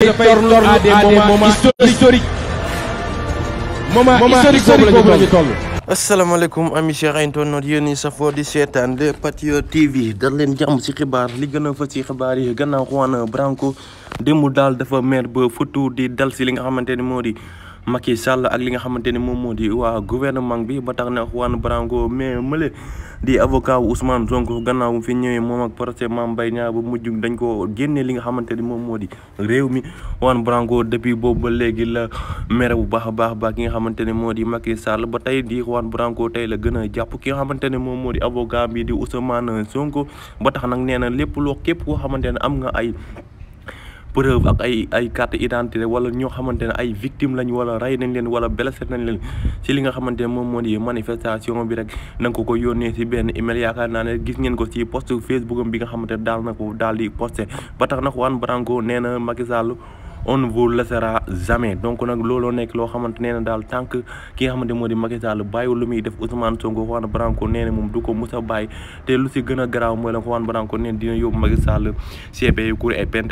torlu à des moments historiques moment di seetaan de Patriote TV dal leen jàmm ci xibaar li gëna a ci xibaar yi gannaaw Juan Branco démb daal dafa mer ba futu di dal ci li nga xamante ni moo di Macky Sall ak li nga xamante ni moom moo di waa gouvernement bi ba tax na Juan Branco mais mële di avocat wu Ousmane Sonko gannaaw mu fi ñëwee moom ak procès Mame Mbaye Niang ba mujj dañ ko génnee li nga xamante ni moom moo di réew mi Juan Branco depuis boobu ba léegi la mere bu baax a baax baax ki nga xamante ne moo di Macky Sall ba tey di Juan Branco tey la gën a jàpp ki nga xamante ne moom moo di avocat bi di Ousmane Sonko ba tax nag nee na lépp loo képp koo xamante ne am nga ay preuve ak ay ay carte d'identité wala ñoo xamante ne ay victime lañ wala rey nañ leen wala blessé nañ leen si li nga xamante ne moom moo di manifestation bi rek na naa ne gis ngeen ko si post Facebook am bi nga xamante ne daal na ko daal di na Juan Branco nee on ne vous laissera jamais donc nag looloo nekk loo xamante nee na daal tànk ki nga xamante moo di Macky Sall bàyyiwul lu muy def Ousmane Sonko Juan Branco nee na moom du ko mus a bàyyi te lu si gën a garaaw mooy la Juan Branco nee dina yóbbu Macky Sall CPI Cour et